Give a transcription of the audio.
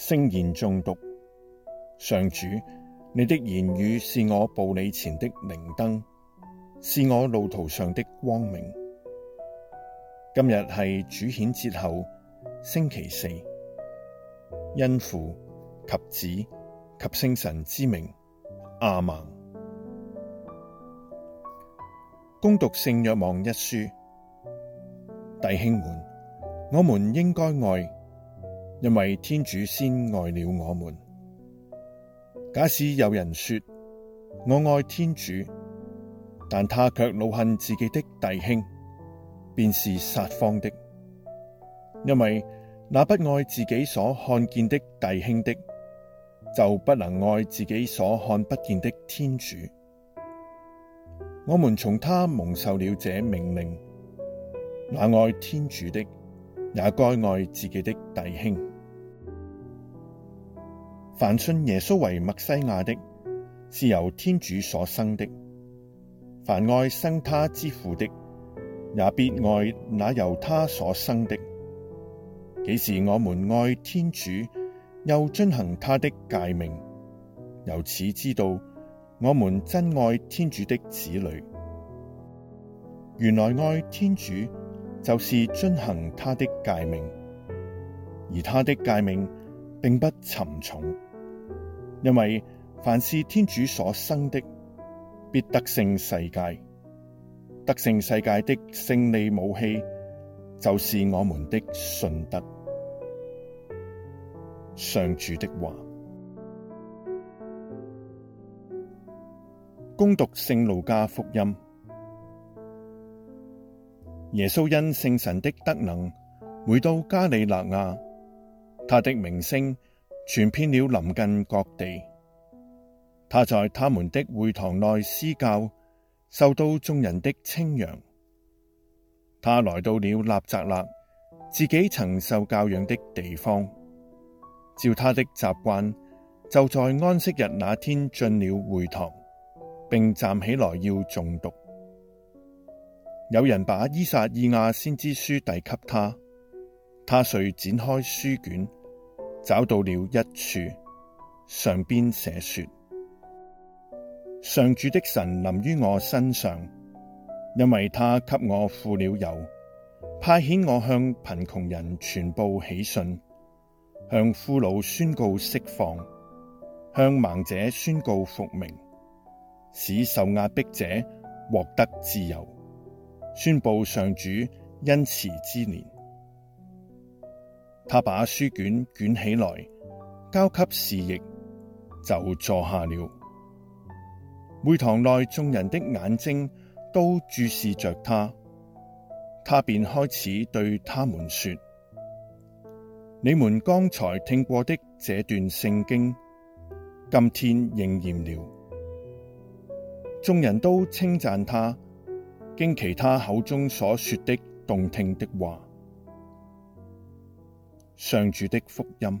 聖言誦讀，上主，你的言語是我步履前的明燈，是我路途上的光明。今日係主顯節後星期四，因父及子及聖神之名，阿門。恭讀聖若望一書，弟兄們，我們應該愛。因為天主先愛了我們。假使有人說，我愛天主，但他却惱恨自己的弟兄，便是撒謊的。因為那不愛自己所看見的弟兄的，就不能愛自己所看不見的天主。我們從他蒙受了這命令，那愛天主的，也該愛自己的弟兄。凡信耶穌為默西亞的，是由天主所生的；凡愛生他之父的，也必愛那由他所生的。幾時我們愛天主，又遵行他的誡命，由此知道我們真愛天主的子女。原來愛天主就是遵行他的誡命，而他的誡命並不沉重。因為凡是天主所生的，必得勝世界。得勝世界的勝利武器，就是我們的信德。上主的話。恭讀聖路加福音。耶穌因聖神的德能，回到加里肋亞，他的名聲，傳遍了臨近各地。他在他們的會堂內施教，受到眾人的稱揚。他來到了納匝肋，自己曾受教養的地方。照他的習慣，就在安息日那天進了會堂，並站起來要誦讀。有人把依撒意亞先知書遞給他，他遂展開書卷。找到了一處，上邊寫說：上主的神臨於我身上，因為他給我傅了油，派遣我向貧窮人傳報喜訊，向俘虜宣告釋放，向盲者宣告復明，使受壓迫者獲得自由，宣佈上主恩慈之年。他把書卷捲起來，交給侍役，就坐下了。會堂內眾人的眼睛都注視着他，他便開始對他們說：你們剛才聽過的這段聖經，今天應驗了。眾人都稱讚他，驚奇他口中所說的動聽的話。上主的福音。